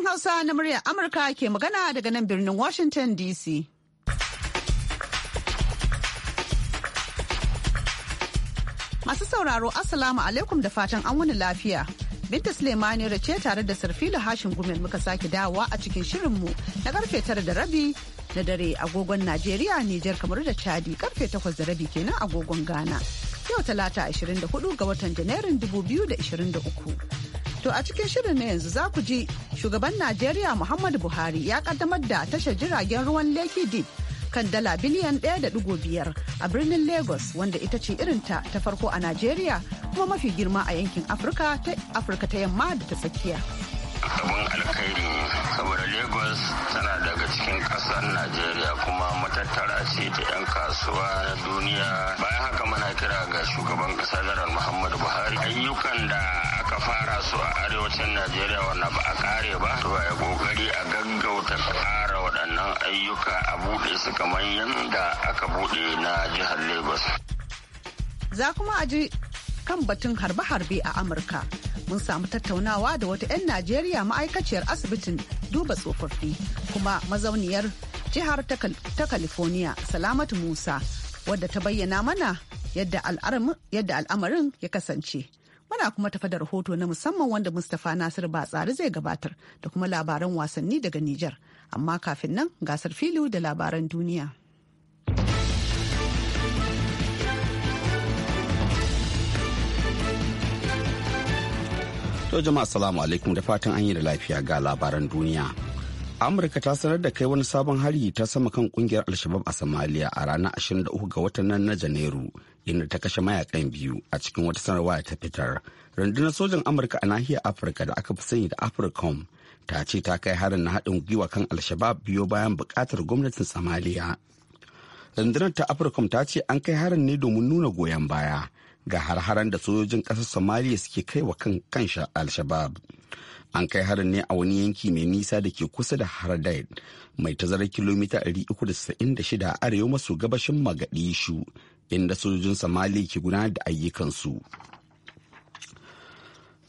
Sashen Hausa na muryar Amurka ke magana daga nan birnin Washington DC. Masu sauraro Assalamu alaikum da fatan an wuni lafiya. Binta Suleimani ce tare da Sarfila Hashin Gumel muka sake dawowa a cikin shirinmu na karfe tara da rabi na dare agogon Najeriya, Nijar kamar da Chadi karfe takwas da rabi kenan agogon Ghana. Yau talata 24 ga watan Janairun 2023. To a cikin shirin na yanzu za ku ji shugaban Najeriya Muhammadu Buhari ya kaddamar da tashar jiragen ruwan Lekki Deep kan dala biliyan ɗaya da biyar a birnin Lagos wanda ita ce irin ta ta farko a Najeriya kuma mafi girma a yankin Afirka ta Afirka ta yamma da ta tsakiya. abin alkhairi saboda lagos tana daga cikin ƙasar najeriya kuma matattara ce ta 'yan kasuwa na duniya bayan haka muna kira ga shugaban ƙasar muhammadu buhari ayyukan da aka fara su a arewacin najeriya wanda ba a kare ba to ya kokari a gaggauta ƙara waɗannan ayyuka a buɗe su kamar yadda aka buɗe na jihar lagos za kuma a ji kan batun harbe-harbe a amurka mun samu tattaunawa da wata 'yan najeriya ma'aikaciyar asibitin duba tsofaffi kuma mazauniyar jihar ta california salamatu musa wadda ta bayyana mana yadda al'amarin ya kasance Muna kuma tafa da rahoto na musamman wanda Mustapha Nasir tsari zai gabatar da kuma labaran wasanni daga Nijar. Amma kafin nan gasar filu da labaran duniya. To jama'a salamu alaikum da fatan an yi da lafiya ga labaran duniya. Amurka ta sanar da kai wani sabon hari ta sama kan kungiyar Alshabab a Somalia a ranar 23 ga watan nan na Janairu inda ta kashe mayakan biyu a cikin wata sanarwa ta fitar rundunar sojan amurka a nahiyar afirka da aka fi sani da africom ta ce ta kai harin na haɗin gwiwa kan alshabab biyo bayan buƙatar gwamnatin samaliya rundunar ta africom ta ce an kai harin ne domin nuna goyon baya ga harharan da sojojin ƙasar somaliya suke kai wa kan kanshi alshabab an kai harin ne a wani yanki mai nisa da ke kusa da haradait mai tazarar kilomita 396 a arewa maso gabashin magadishu inda sojojin somali ke gudanar da ayyukansu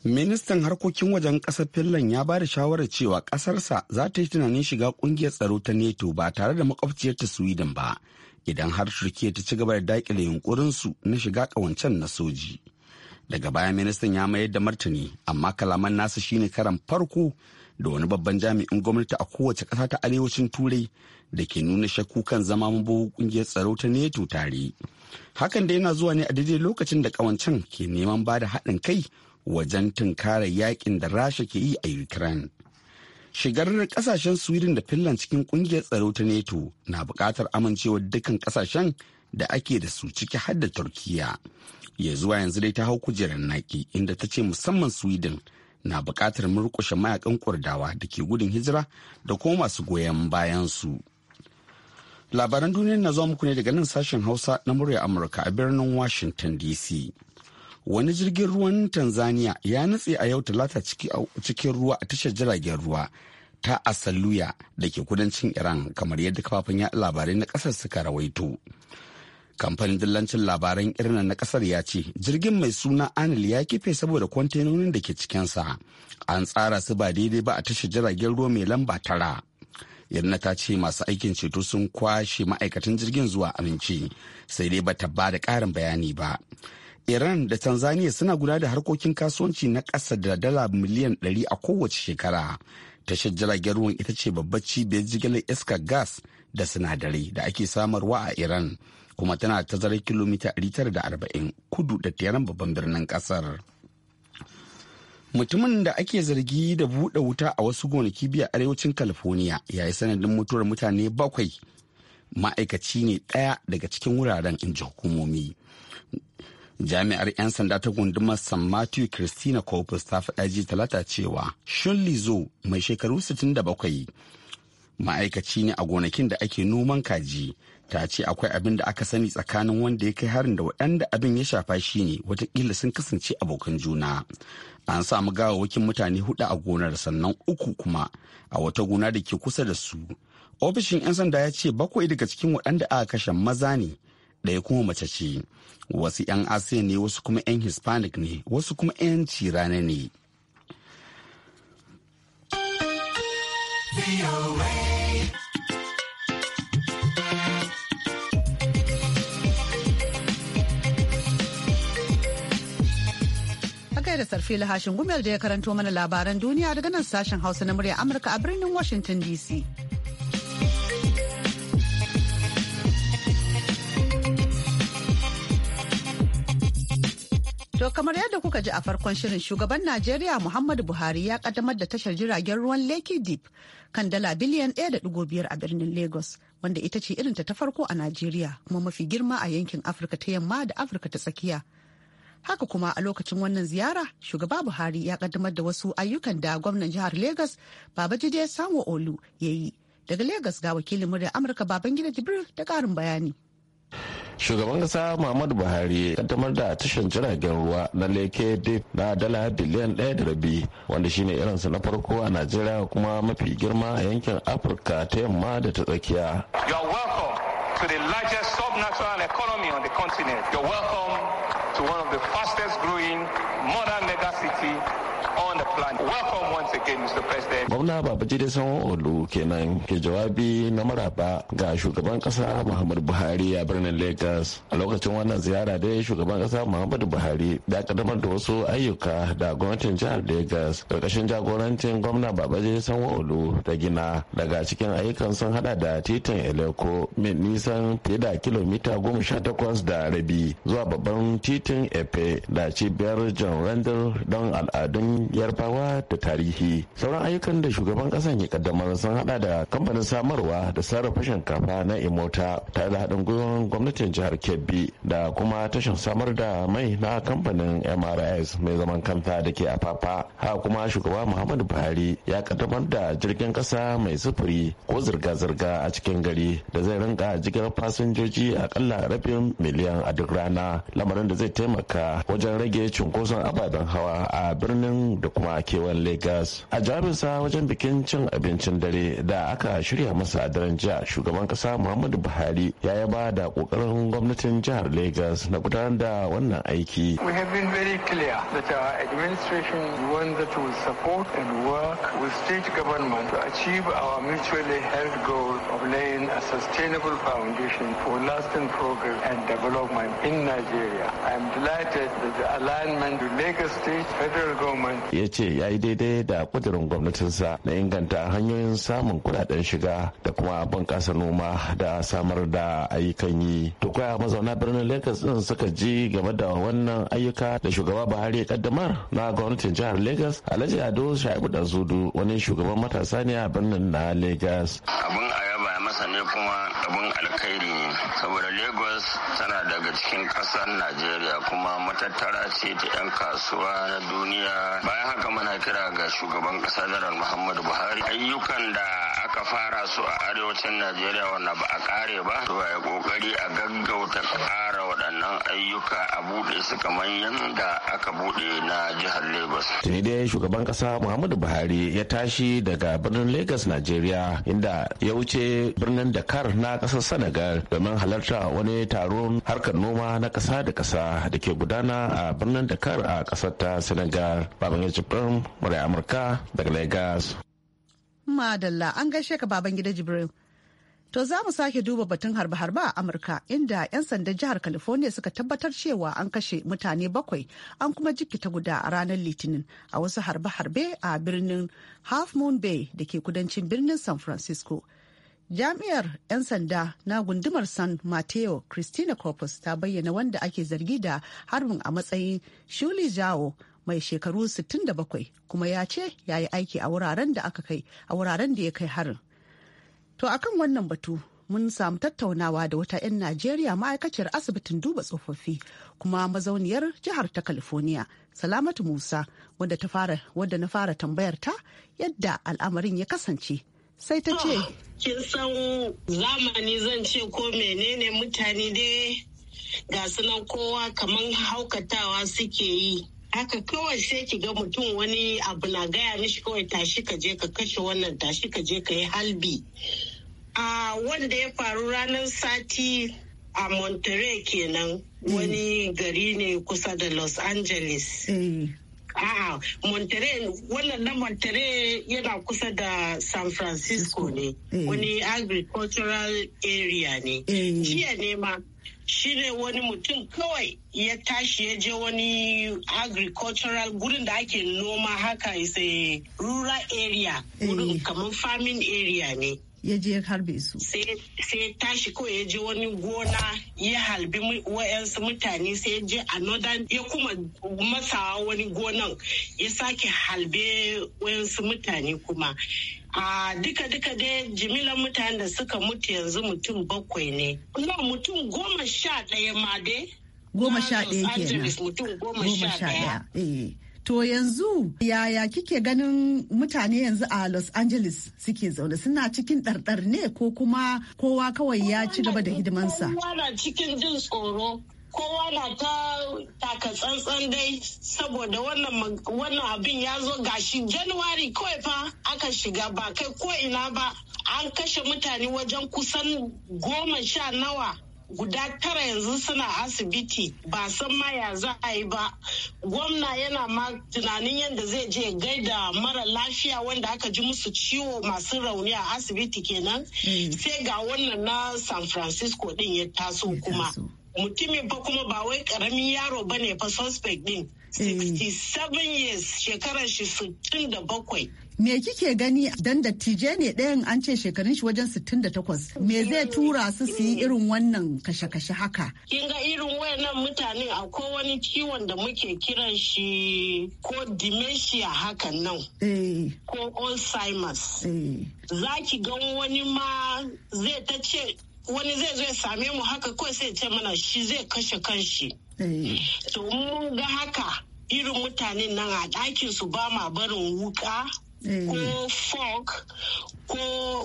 ministan harkokin wajen kasar finland ya ba da shawarar cewa kasarsa za ta yi tunanin shiga kungiyar tsaro ta neto ba tare da makwabciyarta sweden ba idan har turkiya ta ci gaba da dakile yunkurinsu na shiga ƙawancen na soji daga baya ministan ya mayar da martani amma kalaman nasa shine karan farko da wani babban jami'in gwamnati a kowace ƙasa ta arewacin turai da ke nuna shakku kan zama mabawar ƙungiyar tsaro ta neto tare hakan da yana zuwa ne a daidai lokacin da ƙawancen ke neman ba da haɗin kai wajen tunkara yakin da rasha ke yi a ukraine shigar ƙasashen sweden da finland cikin kungiyar tsaro ta neto na buƙatar amincewar dukkan ƙasashen da ake da su ciki har da turkiya ya zuwa yanzu dai ta hau kujerar naki inda ta ce musamman sweden na buƙatar murƙushe mayakan kurdawa da ke gudun hijira da kuma masu goyon bayan su. Labaran duniya na zuwa muku ne daga nan sashen Hausa na murya Amurka a birnin Washington DC. Wani jirgin ruwan Tanzania ya nutse a yau talata cikin ruwa a tashar jiragen ruwa ta Asaluya da ke kudancin Iran kamar yadda kafafen yaɗa labarai na ƙasar suka rawaito. kamfanin dillancin labaran irinan na kasar ya ce jirgin mai suna anil ya kife saboda kwantenonin da ke cikinsa an tsara su ba daidai ba a tashar jiragen ruwa mai lamba tara irina ta ce masu aikin ceto sun kwashe ma'aikatan jirgin zuwa amince sai dai ba ta ba da karin bayani ba iran da tanzania suna guda da harkokin kasuwanci na ƙasa da dala miliyan 100 a kowace shekara tashar jiragen ruwan ita ce babbar cibiyar jigilar iskar gas da sinadarai da ake samarwa a iran kuma tana tazarar kilomita 940 kudu da teran babban birnin kasar. Mutumin da ake zargi da buɗe wuta a wasu gonaki biya arewacin California ya yi sanadin mutuwar mutane bakwai ma'aikaci ne ɗaya daga cikin wuraren inji hukumomi. Jami'ar 'yan sanda ta gundumar San Matthew Christina Corpus ta faɗa ji talata cewa Shun Lizo mai shekaru 67 ma'aikaci ne a gonakin da ake noman kaji ta ce akwai abin da aka sani tsakanin wanda ya kai harin da waɗanda abin ya shafa shi ne watakila sun kasance abokan juna an samu gawawakin mutane hudu a gonar sannan uku kuma a wata gona da ke kusa da su ofishin 'yan sanda ya ce bakwai daga cikin waɗanda aka kashe maza ne ɗaya kuma mace ce wasu 'yan asiya ne wasu kuma 'yan hispanic ne wasu kuma 'yan cirana ne Haka da sarfi lahashin gumel da ya karanto mana labaran duniya daga nan sashen hausa na murya Amurka a birnin Washington DC. To kamar yadda kuka ji a farkon shirin shugaban Najeriya Muhammadu Buhari ya kaddamar da tashar jiragen ruwan Lekki Deep kan dala biliyan 1.5 a birnin Lagos wanda ita ce irin ta farko a Najeriya kuma mafi girma a yankin Afirka ta yamma da Afirka ta tsakiya. Haka kuma a lokacin wannan ziyara shugaba Buhari ya kaddamar da wasu ayyukan da gwamnan jihar Lagos Babajide Sanwo Olu ya yi. Daga Lagos ga wakilin murya Amurka Babangida Jibril ta karin bayani. shugaban kasa muhammadu buhari kaddamar da tashin jiragen ruwa na leke dip na dala biliyan ɗaya da rabi wanda shine irinsa na farko a najeriya kuma mafi girma a yankin afirka ta yamma da ta tsakiya to the largest economy on the continent. to one of the fastest growing modern mega city Gwamna Babajide Sanwo Olu kenan ke jawabi na maraba ga shugaban kasa Muhammadu Buhari a birnin Lagos. A lokacin wannan ziyara dai shugaban kasa Muhammadu Buhari da kaddamar da wasu ayyuka da gwamnatin jihar Lagos karkashin jagorancin gwamna Babajide Sanwo Olu da gina daga cikin ayyukan sun hada da titin Eleko mai nisan fiye da kilomita goma sha takwas da rabi zuwa babban titin Efe da cibiyar John Randall don al'adun yarbawa tunawa da tarihi sauran ayyukan da shugaban kasan ya kaddamar sun hada da kamfanin samarwa da sarrafa shinkafa na imota tare da haɗin gwiwar gwamnatin jihar kebbi da kuma tashin samar da mai na kamfanin mrs mai zaman kanta da ke afafa ha kuma shugaba muhammadu buhari ya kaddamar da jirgin kasa mai sufuri ko zirga-zirga a cikin gari da zai rinka jigar fasinjoji akalla rabin miliyan a duk rana lamarin da zai taimaka wajen rage cunkoson ababen hawa a birnin da kuma kuma a kewan Legas a jarusa wajen bikin cin abincin dare da aka shirya masa a daren jiya shugaban kasa muhammadu buhari ya yaba da kokarin gwamnatin jihar legas na gudanar da wannan aiki we have been very clear that our administration wants one that will support and work with state government to achieve our mutually held goal of laying a sustainable foundation for lasting progress and development in nigeria i am delighted that the alignment to lagos state federal government ya ce ya yi daidai da kudurin gwamnatinsa na inganta hanyoyin samun kudaden shiga da kuma bunƙasa noma da samar da ayyukan yi to mazauna birnin lagos din suka ji game da wannan ayyuka da shugaba buhari ya kaddamar na gwamnatin jihar lagos alhaji ado shaibu dan wani shugaban matasa ne a birnin na lagos abin ayaba ya masa ne kuma abin alkhairi ne saboda lagos tana daga cikin ƙasar najeriya kuma matattara ce ta 'yan kasuwa na duniya bayan haka muna kira ga shugaban kasa janar muhammadu buhari ayyukan da aka fara su a arewacin najeriya wanda ba a kare ba to ya kokari a gaggauta waɗannan ayyuka a buɗe su kamar yadda aka buɗe na jihar Lagos. Tuni dai shugaban ƙasa Muhammadu Buhari ya tashi daga birnin Lagos, Najeriya, inda ya wuce birnin Dakar na ƙasar Senegal domin halarta wani taron harkar noma na ƙasa da ƙasa da ke gudana a birnin Dakar a ƙasar ta Senegal. Babangida Jibril, Murai Amurka daga Lagos. Madalla an gaishe ka babangida Jibril. To za mu sake duba batun harbe-harbe a Amurka inda 'yan sandan jihar California suka tabbatar cewa an kashe mutane bakwai an kuma jikita guda a ranar Litinin a wasu harbe-harbe a birnin Half Moon Bay da ke kudancin birnin San Francisco. Jami'ar 'yan sanda na gundumar San Mateo Christina Corpus ta bayyana wanda ake zargi da harbin a matsayin Shuli Zhao mai shekaru 67 kuma ya ce ya yi aiki a wuraren da aka kai a wuraren da ya kai harin. To a kan wannan batu mun samu tattaunawa da wata 'yan Najeriya ma'aikaciyar asibitin duba tsofaffi kuma mazauniyar jihar ta California, Salamatu Musa, wadda ta fara wadda na fara tambayar ta yadda al'amarin ya kasance. Sai ta ce, ah, Kin san zamani zan ce ko menene mutane dai ga sunan kowa kamar haukatawa suke yi. haka kawai sai ki ga mutum wani abu na gaya mishi kawai tashi ka je ka kashe wannan tashi ka je ka yi halbi a wanda ya faru ranar sati a monterey kenan mm. wani gari ne kusa da los angeles eh. A'a, Monterey, wannan na Monterey yana kusa da San Francisco ne, eh. wani agricultural area ne. Eh. Jiya ne ma, shi ne wani mutum kawai ya tashi ya je wani agricultural gurin da ake noma haka isa rural area, gurin kamar farming area ne. ya je ya harbe su sai ya tashi ko ya je wani gona ya halbi wa'yansu mutane sai ya je a northern ya kuma masa wani gonan ya sake halbe wa'yansu mutane kuma a duka duka dai jimilan mutane da suka mutu yanzu mutum bakwai ne kuma mutum goma sha ɗaya ma dai goma sha ɗaya kenan mutum goma sha ɗaya eh. To yanzu yaya kike ganin mutane yanzu a Los Angeles suke zaune suna cikin ɗarɗar ne ko kuma kowa kawai ya ci gaba da hidimansa? Kowa na cikin jin tsoro. Kowa na ta taka tsantsan dai saboda wannan abin ya zo gashi Januwari kawai fa aka shiga ba kai ko ina ba an kashe mutane wajen kusan goma sha nawa guda tara yanzu suna asibiti ba san ma ya za a yi ba gwamna yana ma tunanin yadda zai je gaida mara lafiya wanda aka ji musu ciwo masu rauni a asibiti kenan mm. sai ga wannan na san francisco din ya taso kuma mutumin fa kuma ba wai karamin yaro ba ne fa suspect din 67 mm. years shekarar shi 67 me kike gani dan dattijai ne ɗayan an ce shekarun shi wajen 68 me zai tura su su yi irin wannan kashe-kashe haka kin ga irin wayannan mutane a wani ciwon da muke kiran shi ko dementia hakan nan eh. ko alzheimer's eh. za ki gan wani ma zai ta ce wani zai zo ya same mu haka ko sai ce mana shi zai kashe kanshi eh. to mun ga haka irin mutanen nan a ɗakin su ba ma barin wuka Eh. ko fork ko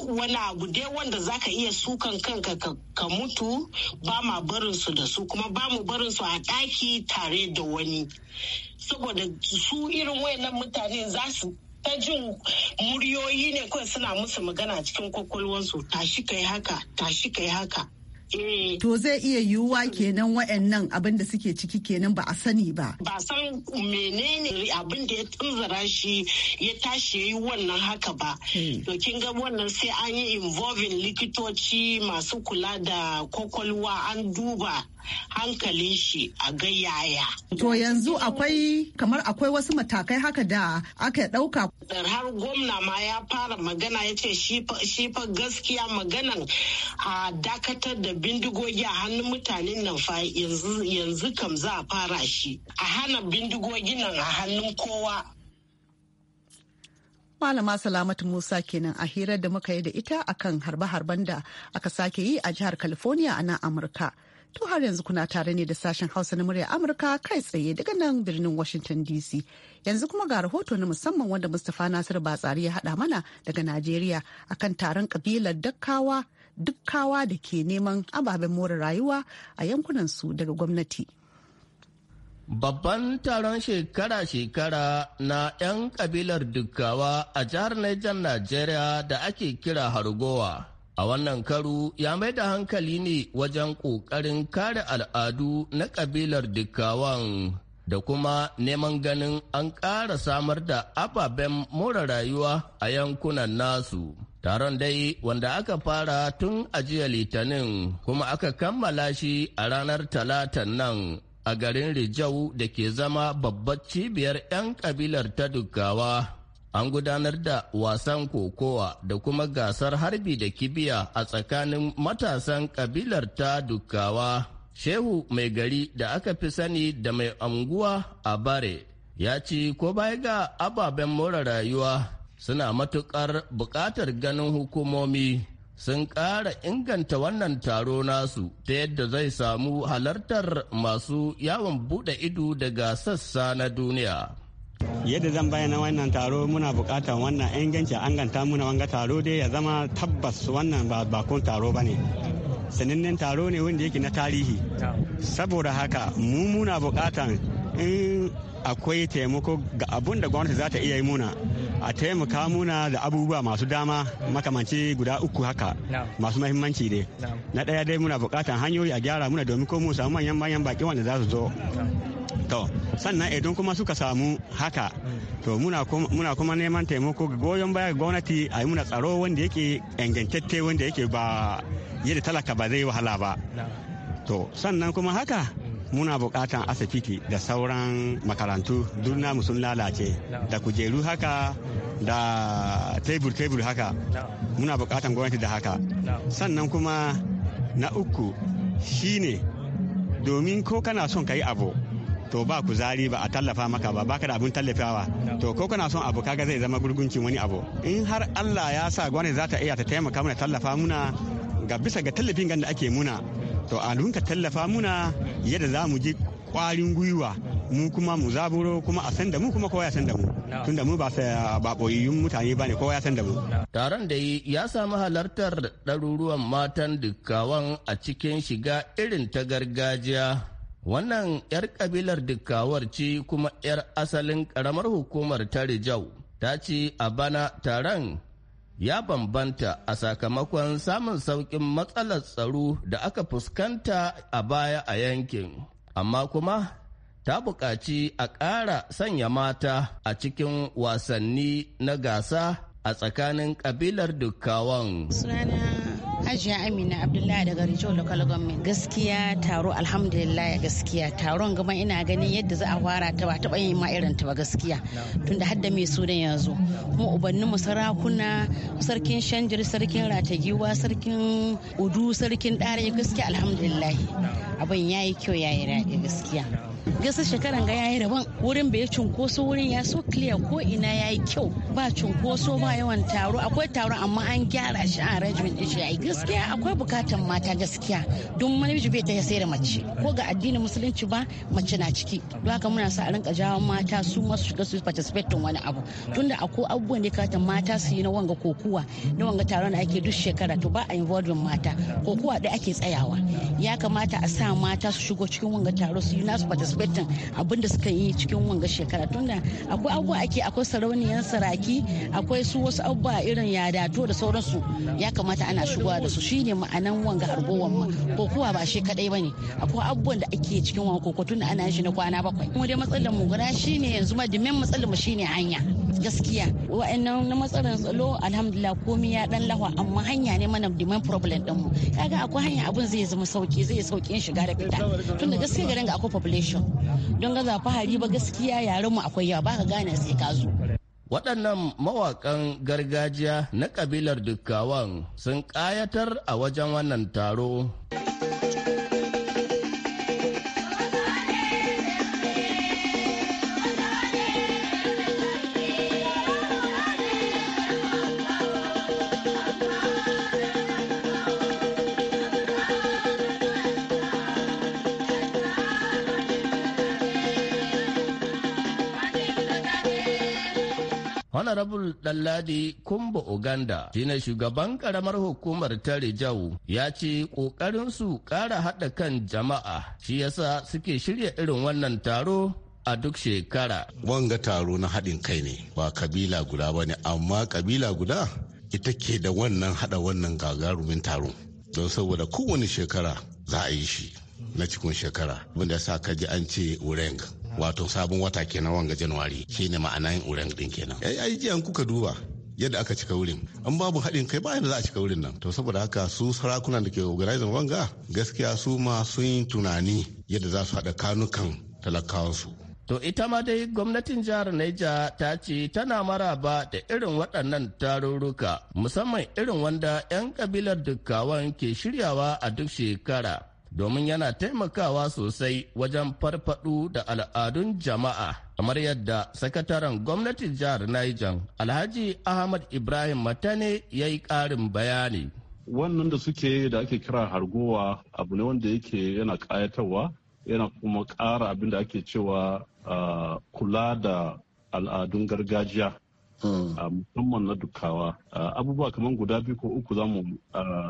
wani abu dai wanda zaka iya sukan kanka ka mutu ba ma barin su da su kuma ba mu barin a daki tare da wani saboda su irin wayannan mutane za su ta jin muryoyi ne kawai suna musu magana cikin kwakwalwansu tashi kai haka tashi kai haka Eh. To zai iya yiwuwa kenan wa'annan abin da suke ciki kenan ba a sani ba. Ba san menene abin da ya tunzara shi ya tashi ya yi wannan haka ba. Eh. To kin ga wannan sai an yi involving likitoci masu kula da kwakwalwa an duba hankalin shi a gayyaya. To yanzu akwai kamar akwai wasu matakai haka da aka ɗauka. Har gwamna ma ya fara magana ya ce shi fa gaskiya maganan a dakatar da bindigogi a hannun mutanen nan fa yanzu kam za a fara shi. A hana bindigogi nan a hannun kowa. Malama Salamatu Musa kenan a hirar da muka yi da ita akan harbe-harben da aka sake yi a jihar California a nan Amurka. To har yanzu kuna tare ne da sashen Hausa na murya Amurka kai tsaye daga nan birnin Washington DC. Yanzu kuma ga rahoto na musamman wanda Mustapha Nasiru Batsari ya hada mana daga Najeriya akan taron kabilar Dakkawa dukkawa da ke neman ababen more rayuwa a yankunan su daga gwamnati. Babban taron shekara-shekara na 'yan kabilar dukkawa a jihar Niger Najeriya da ake kira Hargowa. A wannan karu ya mai da hankali ne wajen ƙoƙarin kare al'adu na ƙabilar dukkawan, da kuma neman ganin an ƙara samar da ababen more rayuwa a yankunan nasu. Taron dai wanda aka fara tun a jiya litinin kuma aka kammala shi a ranar Talata nan a garin Rijau da ke zama babbar cibiyar 'yan ƙabilar ta Dukkawa an gudanar da wasan kokowa da kuma gasar harbi da kibiya a tsakanin matasan kabilar ta dukkawa shehu mai gari da aka fi sani da mai anguwa a bare ya ci ko baya ga ababen more rayuwa suna matuƙar buƙatar ganin hukumomi sun ƙara inganta wannan taro nasu ta yadda zai samu halartar masu yawon buɗe ido daga sassa na duniya. yadda zan bayyana wannan taro muna bukatar wannan inganci anganta muna wanga taro dai ya zama tabbas wannan ba bakon taro ba ne sanannen taro ne wanda yake na tarihi saboda haka mu muna bukatar in akwai taimako ga abun da gwamnati za ta iya yi muna a taimaka muna da abubuwa masu dama makamanci guda uku haka masu mahimmanci ne na ɗaya dai muna buƙatar hanyoyi a gyara muna domin ko mu samu manyan manyan baƙi wanda za su zo to sannan idan kuma suka samu haka mm. to muna kuma neman taimako ga goyon baya ga gwamnati a yi muna tsaro wanda yake ingantacce wanda yake ba yadda talaka ba zai wahala ba to sannan kuma haka muna bukatan asibiti da sauran makarantu duk namu sun lalace da kujeru haka da tebur-tebur haka muna bukatan gwamnati da haka sannan kuma na uku shine domin ko kana son ka yi abu to ba kuzari ba a tallafa maka ba baka da abin tallafawa to ko kana son abu kaga zai zama gurguncin wani abu in har Allah ya sa gwamnati za ta iya ta taimaka mana tallafa muna ga bisa ga tallafin da ake muna to a dunka tallafa muna yadda za mu ji kwarin gwiwa mu kuma mu zaburo kuma a san da mu kuma kowa ya san da mu tunda mu ba ba boyayyun mutane bane kowa ya san da mu taron da yi ya samu halartar ɗaruruwan matan dukkawan a cikin shiga irin ta gargajiya wannan 'yar kabilar dukkawar ce kuma 'yar asalin karamar hukumar ta rijau ta ce a bana taron ya bambanta a sakamakon samun sauƙin matsalar tsaro da aka fuskanta a baya a yankin amma kuma ta buƙaci a ƙara sanya mata a cikin wasanni na gasa a tsakanin ƙabilar dukkawan. Hajiya Amina Abdullahi daga Rijiyar Local Government. Gaskiya taro alhamdulillah gaskiya taron gama ina ganin yadda za a fara ta ba taɓa yin ma irin ta ba gaskiya. Tunda har da mai sunan yanzu. Kuma ubannin mu sarakuna sarkin Shanjir sarkin Ratagiwa sarkin Udu sarkin Ɗare gaskiya alhamdulillah. Abin yayi kyau yayi daɗi gaskiya. gasa shekaran ga yayi rabon wurin bai cunkoso wurin ya so clear ko ina yayi kyau ba cunkoso ba yawan taro akwai taro amma an gyara shi an rajimin din shi yayi gaskiya akwai bukatan mata gaskiya don namiji bai ta sai da mace ko ga addinin musulunci ba mace na ciki don haka muna sa a rinka jawo mata su ma su shiga su participate wani abu tunda akwai abubuwan da kata mata su yi na wanga kokuwa na wanga taron da ake duk shekara to ba a involve mata kokuwa da ake tsayawa ya kamata a sa mata su shigo cikin wanga taro su yi nasu participate respecting abin da suka yi cikin wanga shekara tunda akwai abubuwa ake akwai sarauniyan saraki akwai su wasu abubuwa irin yadato da sauransu ya kamata ana shigowa da su shine ma'anan wanga argowan ma ko kuwa ba shi kadai bane akwai abubuwan da ake cikin wanga ko tunda ana shi na kwana bakwai kuma dai matsalar mu guda shine yanzu ma dimen matsalar mu shine hanya gaskiya wa'annan na matsalar tsalo alhamdulillah komai ya dan lahwa amma hanya ne mana demand problem din mu kaga akwai hanya abun zai zama sauki zai sauki shiga da fita tunda gaskiya garin ga akwai population don zafi hari ba gaskiya yaren mu akwai yawa baka gane sai ka zo waɗannan mawaƙan gargajiya na ƙabilar dukkawan sun ƙayatar a wajen wannan taro. honorable Ɗanladi Kumba Uganda shine shugaban karamar hukumar tare jawo ya ce ƙoƙarin su ƙara haɗa kan jama'a shi yasa suke shirya irin wannan taro a duk shekara. Wanga taro na haɗin kai ne ba kabila guda ba amma kabila guda ita ke da wannan haɗa wannan gagarumin taro don saboda kowane shekara za a yi shi na cikin shekara wanda sa ka ji an ce ureng wato sabon wata kenan wanga januwari shine yin uran din kenan eh, ai ai jiyan kuka duba yadda aka cika wurin an babu haɗin kai bayan da za a cika wurin nan to saboda haka su sarakunan da ke organizing wanga gaskiya su ma sun yi tunani yadda za su haɗa kanukan talakawansu To ita ma dai gwamnatin jihar naija ta ce tana maraba da irin waɗannan tarurruka musamman irin wanda 'yan kabilar dukkawan ke shiryawa a duk shekara. domin yana taimakawa sosai wajen farfadu da al'adun jama'a kamar yadda sakataren gwamnatin jihar Niger Alhaji Ahmad Ibrahim Matane ya yi ƙarin bayani. Wannan da suke da ake kira hargowa abu ne wanda yake yana ƙayatarwa yana kuma ƙara abin da ake cewa ah, kula da al'adun gargajiya Hmm. a musamman na dukawa abubuwa kamar guda biyu ko uku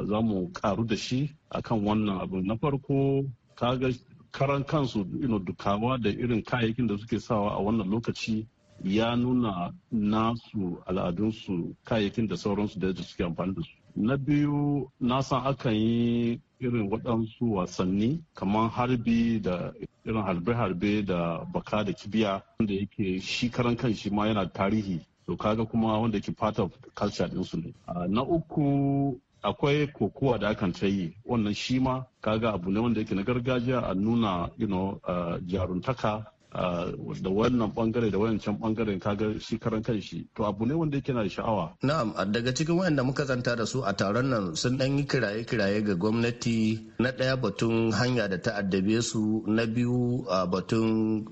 za mu karu da shi akan wannan abu na farko kaga karan kansu dukawa da irin kayayyakin da suke sawa a wannan lokaci ya nuna nasu al'adunsu kayayyakin da sauransu da suke amfani da su na biyu na san akan yi irin waɗansu wasanni kamar harbi da irin harbe-harbe da baka da kibiya wanda yake shi karan kan shi ma yana tarihi to kaga kuma wanda ke part of culture ɗinsu ne ah, na uku akwai kokowa da akan ta yi wannan shima ma kaga abu ne wanda yake na gargajiya a nuna you know, ah, jaruntaka da wannan bangare da wancan bangaren kaga shi karan kan shi to abu ne wanda yake na da sha'awa na'am daga cikin wayanda muka zanta da su a taron nan sun dan yi kiraye kiraye ga gwamnati na daya batun hanya da ta addabe su na biyu batun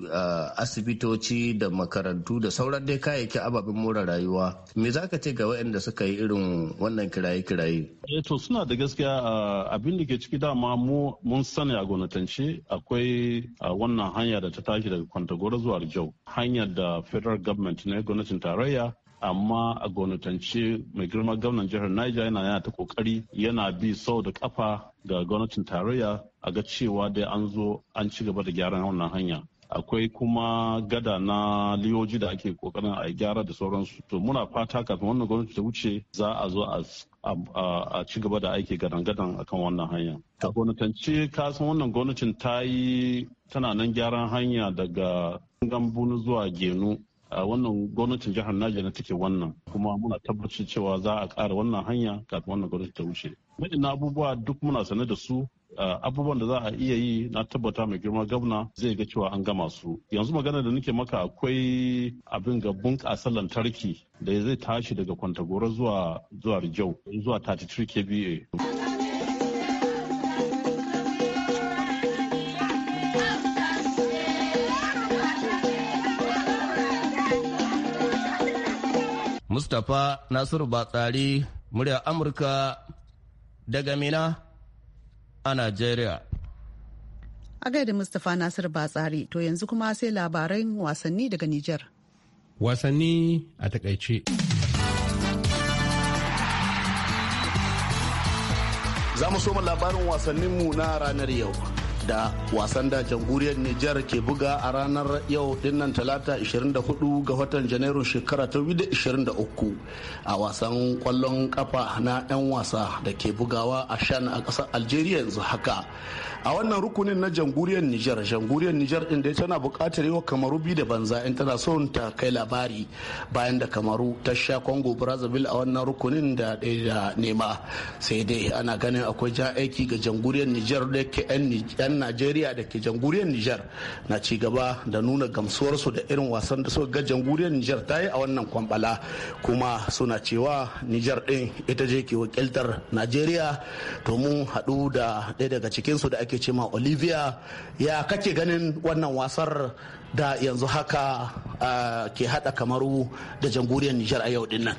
asibitoci da makarantu da sauran dai kayayyaki ababen more rayuwa me zaka ce ga wayanda suka yi irin wannan kiraye kiraye eh to suna da gaskiya abin da ke ciki dama mu mun sani a gwamnatance akwai wannan hanya da ta tashi daga kwantagoro zuwa Rijau hanyar da federal government na gwamnatin tarayya amma a gwamnatance mai girma gwamnan jihar Niger yana yana ta kokari yana bi sau da kafa ga gwamnatin tarayya a ga cewa dai an zo an ci gaba da gyaran wannan hanya. akwai kuma gada na liyoji da ake kokarin a gyara da sauransu to muna fata kafin wannan gwamnati ta wuce za a zo a a ci gaba da aiki gadan-gadan akan wannan hanya. A gwamnatance kasan wannan gwamnatin ta yi tana nan gyaran hanya daga gambunu zuwa genu a wannan gwamnatin jihar Naija na take wannan kuma muna tabbacin cewa za a kara wannan hanya kafin wannan gwamnati ta wuce. Mai abubuwa duk muna sane da su Eh, abubuwan da za a iya yi na tabbata mai girma gwamna zai ga cewa an gama su yanzu magana da nake maka akwai abin ga bunƙasa lantarki da ya zai tashi daga kwantagoro zuwa zuwa rijau zuwa 33 kba Mustapha Nasiru Batsari, murya Amurka daga Mina a Najeriya. A gaida Mustapha Nasir Batsari to yanzu kuma sai labaran wasanni daga Nijar. Wasanni a takaice. Za mu soma labarin wasanninmu na ranar yau. da wasan da jamhuriyar Nijar ke buga a ranar yau dinnan talata 24 ga watan Janairu shekara ta 2023 a wasan kwallon kafa na 'yan wasa da ke bugawa a shan a ƙasar Algeria yanzu haka. A wannan rukunin na jamhuriyar Nijar, jamhuriyar Nijar inda tana buƙatar yawa kamaru bi da banza in tana son ta kai labari bayan da kamaru ta sha Congo Brazzaville a wannan rukunin da ɗaya da nema. Sai dai ana ganin akwai ja aiki ga jamhuriyar Nijar da ke 'yan 'yan najeriya da ke jamhuriyar nijar na ci gaba da nuna gamsuwarsu da irin wasan da suka ga jamhuriyar nijar ta yi a wannan kwambala kuma suna cewa nijar din ita je ke wakiltar najeriya mun haɗu da ɗaya daga cikinsu da ake cema olivia ya kake ganin wannan wasar da yanzu haka ke haɗa kamaru da jamhuriyar nijar a yau dinnan.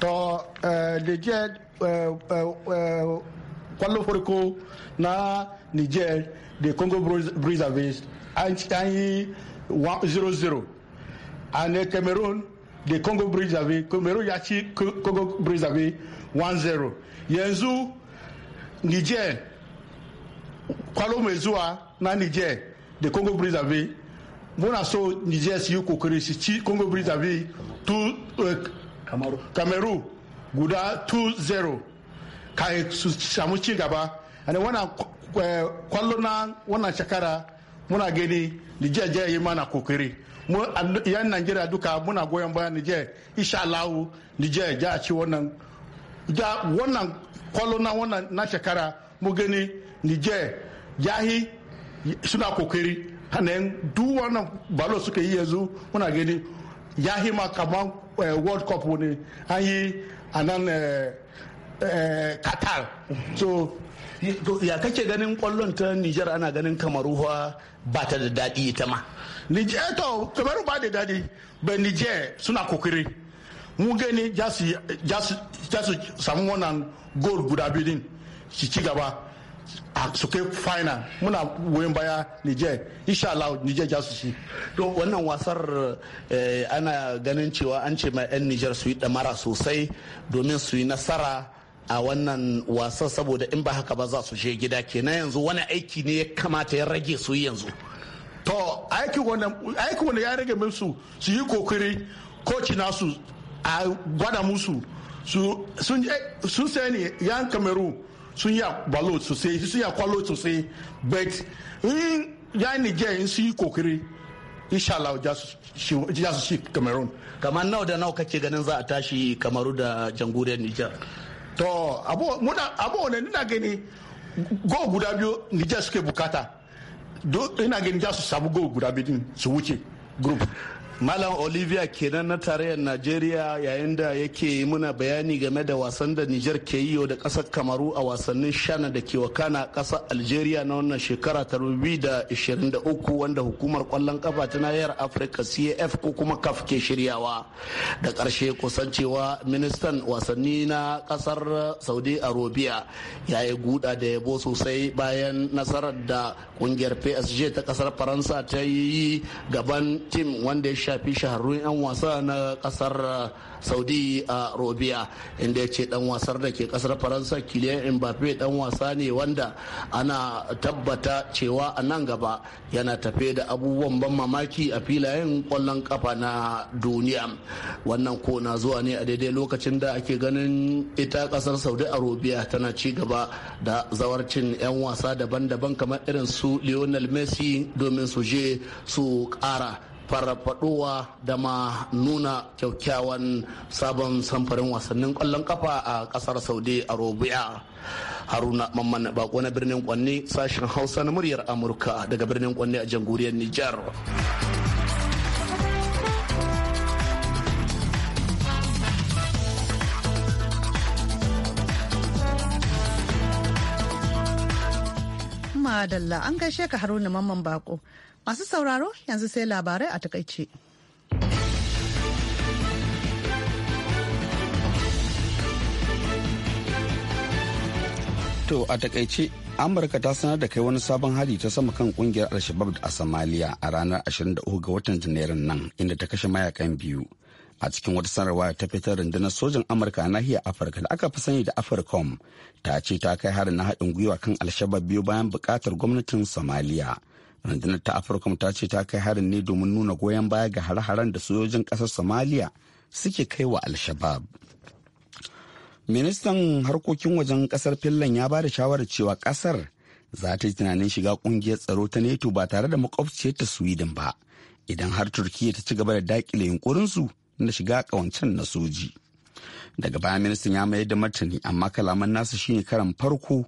To eh, Niger eh, eh, kwallon farko na niger da congo brazzaville an yi 0-0 a cameroon da congo brazzaville cameroon ya ci congo brazzaville 1-0 yanzu niger kwalo mai zuwa na niger da congo brazzaville muna so niger su yi kokari su ci congo brazzaville uh, cameroon guda 2-0 kayan su samu ci gaba wani kwallo na wannan shekara muna gani Nijar je yi mana kokiri. mu yan Najeriya duka muna goyon bayan Nijar insha Allah Nijar ya ci wannan da wannan kwallo na wannan na shekara mu gani Nijar yahi suna kokiri hanayin duk wannan balo suka yi yanzu muna gani yahi ma kamar eh, world cup ne an yi a nan eh, eh, qatar so Eh, ya kake ganin kwallon ta Nijar ana ganin ruwa ba ta da daɗi ita ma. Nijar eh, to kamar ba da daɗi ba Nijar suna kokiri. Mun gani za su samu wannan gol guda biyu din su ci gaba su kai final muna goyon baya Nijar insha Allah Nijar ja su ci to wannan wasar eh, ana ganin cewa an ce ma 'yan Nijar su yi damara sosai domin su yi nasara a wannan wasan saboda in ba haka ba za su je gida kenan yanzu wani aiki ne ya kamata ya rage su yanzu to aiki wanda ya rage min su su yi kokiri koci nasu a gwada musu sun sai ne yan kameru sun yi balo sosai sun yi kwallo sosai but in ya nigeria in su yi kokiri insha Allah za su shi kamerun. kamar nawa da nawa kake ganin za a tashi kamaru da jamhuriyar Nijar. to abu ne ina gani go guda biyu nijar suke bukata ina gani za su samu go guda biyu su wuce group Malam Olivia kenan na tarayyar Najeriya yayin da yake muna bayani game da wasan da Nijar ke yi da kasar Kamaru a wasannin shana da ke wakana kasar Algeria na wannan shekara ta uku wanda hukumar kwallon kafa ta nahiyar Afirka CAF ko kuma CAF ke shiryawa. Da ƙarshe kusancewa ministan wasanni na ƙasar Saudi Arabia ya yi guda da yabo sosai bayan nasarar da ƙungiyar PSG ta ƙasar Faransa ta yi gaban tim wanda ya shafi shahararrun 'yan wasa na kasar uh, saudi uh, a robia inda ya ce dan wasar da ke kasar faransa kiliyan mbappe dan wasa ne wanda ana tabbata cewa a nan gaba yana tafe da abubuwan ban mamaki a filayen kwallon kafa na duniya wannan ko na zuwa ne a daidai lokacin da ake ganin ita kasar saudi arabia tana ci gaba da zawarcin 'yan wasa daban-daban kamar irin su lionel messi domin su je su kara farfaduwa da ma nuna kyaukyawan sabon samfarin wasannin kwallon kafa a ƙasar saudi robiya haruna mamman bako na birnin kwanne sashen hausa na muryar amurka daga birnin kwanne a jamhuriyar nijar Madalla an gaishe ka haruna mamman bako Masu sauraro yanzu sai labarai a takaice. To a takaice Amurka ta sanar da kai wani sabon hari ta sama kan kungiyar Alshabab a Somalia a ranar 23 ga watan Janairun nan inda ta kashe mayakan biyu. A cikin wata sanarwa ta fitar rundunar sojan Amurka a nahiyar Afirka da aka fi sani da Africom ta ce ta kai harin na haɗin gwiwa kan Alshabab biyu bayan buƙatar gwamnatin Somalia rundunar ta afirka ta ce ta kai harin ne domin nuna goyon baya ga har haren da sojojin kasar somaliya suke kai wa al-shabab ministan harkokin wajen kasar finland ya ba da shawarar cewa kasar za ta yi tunanin shiga kungiyar tsaro ta neto ba tare da makwabciyar ta sweden ba idan har turkiya ta ci gaba da daƙile yunkurinsu na shiga kawancen na soji daga baya ministan ya mayar da martani amma kalaman nasa shine karan farko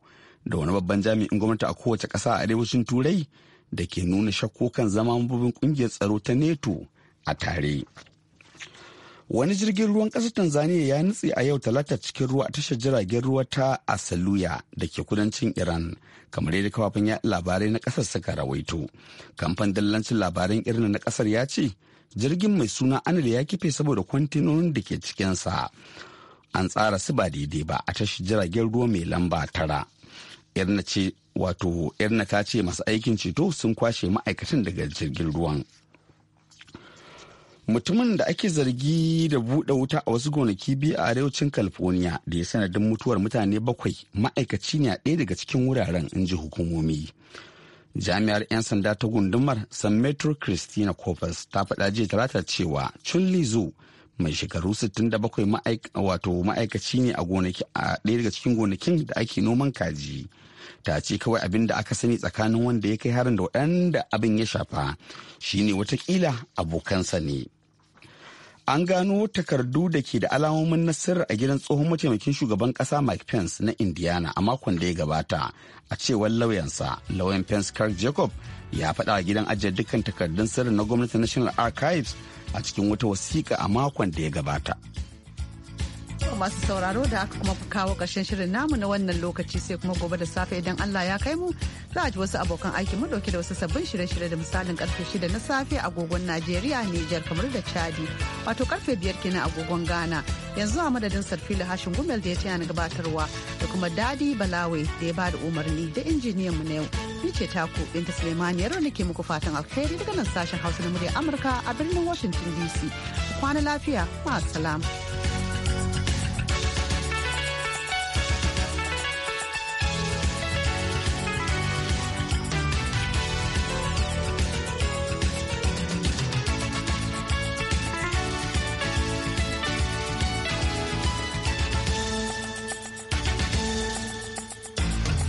da wani babban jami'in gwamnati a kowace ƙasa a arewacin turai da ke nuna shakkokan zama mambobin kungiyar tsaro ta neto a tare wani jirgin ruwan ƙasar tanzania ya nutse a yau talata cikin ruwa a tashar jiragen ruwa ta asaluya da ke kudancin iran kamar yadda kafafen yaɗa labarai na ƙasar suka rawaito kamfan dallancin labaran irin na ƙasar ya ce jirgin mai suna anil ya kife saboda kwantinonin da ke cikinsa an tsara su ba daidai ba a tashar jiragen ruwa mai lamba tara irna ce wato irna ta ce masu aikin ceto sun kwashe ma'aikatan daga jirgin ruwan mutumin da ake zargi da buɗe wuta a wasu gonaki biyu a arewacin california da ya sanadin mutuwar mutane bakwai ma'aikaci ne a ɗaya daga cikin wuraren in ji hukumomi jami'ar 'yan sanda ta gundumar san metro christina corpus ta faɗa jiya talata cewa chun lizo mai shekaru 67 wato ma'aikaci ne a gonaki a ɗaya daga cikin gonakin da ake noman kaji ta ce kawai abin da aka sani tsakanin wanda ya kai harin da waɗanda abin ya shafa shine watakila abokansa ne an gano takardu da ke da alamomin nasir a gidan tsohon mataimakin shugaban kasa mike pence na indiana a makon da ya gabata a cewar lauyansa lauyan pence kirk jacob ya faɗa a gidan ajiye dukkan takardun sirri na gwamnati national archives a cikin wata wasiƙa a makon da ya gabata masu sauraro da aka kuma kawo ƙarshen shirin namu na wannan lokaci sai kuma gobe da safe idan Allah ya kai mu za a ji wasu abokan aiki mu dauke da wasu sabbin shirye-shirye da misalin karfe shida na safe agogon Najeriya, Nijar kamar da Chadi wato karfe 5 kenan agogon Ghana. Yanzu a madadin Sarfila Hashin Gumel da ya taya gabatarwa da kuma Dadi Balawe da ya bada umarni da injiniyan mu na yau. Ni ce taku Binta Suleimani yaro nake muku fatan alheri daga nan sashen Hausa na murya Amurka a birnin Washington DC. Kwana lafiya, ma